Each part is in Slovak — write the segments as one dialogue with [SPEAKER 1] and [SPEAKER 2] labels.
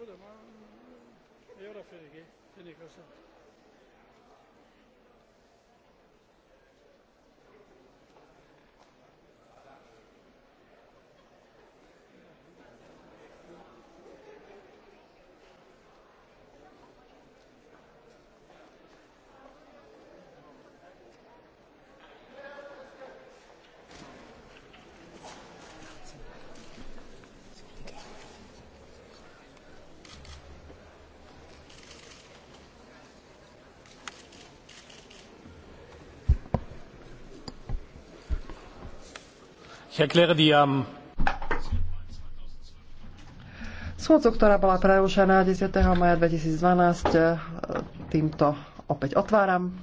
[SPEAKER 1] Burada ma... E ora Fenike, Fenike sen.
[SPEAKER 2] Schôdzu, ktorá bola prerušená 10. maja 2012, e, týmto opäť otváram.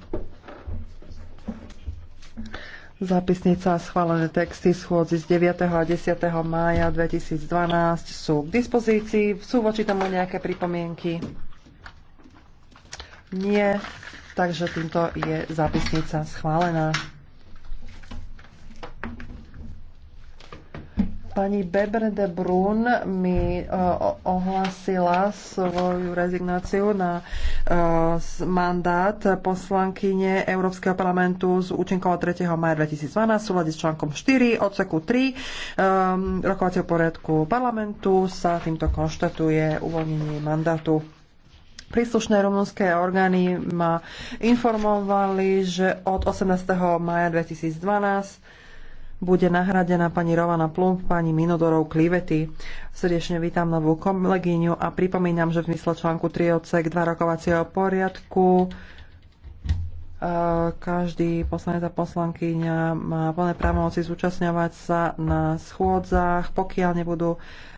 [SPEAKER 2] Zápisnica a schválené texty schôdzi z 9. a 10. mája 2012 sú k dispozícii. Sú voči tomu nejaké pripomienky? Nie. Takže týmto je zápisnica schválená. Pani Bebre de Brun mi e, ohlasila svoju rezignáciu na e, mandát poslankyne Európskeho parlamentu z účinkov 3. maja 2012 v súlade s článkom 4 odseku 3 ehm, rokovacieho poriadku parlamentu sa týmto konštatuje uvoľnenie mandátu. Príslušné rumunské orgány ma informovali, že od 18. maja 2012 bude nahradená pani Rovana Plump, pani Minodorov Klivety. Srdečne vítam novú kolegyňu a pripomínam, že v mysle článku 3 odsek 2 rokovacieho poriadku e, každý poslanec a poslankyňa má plné právomoci zúčastňovať sa na schôdzach, pokiaľ nebudú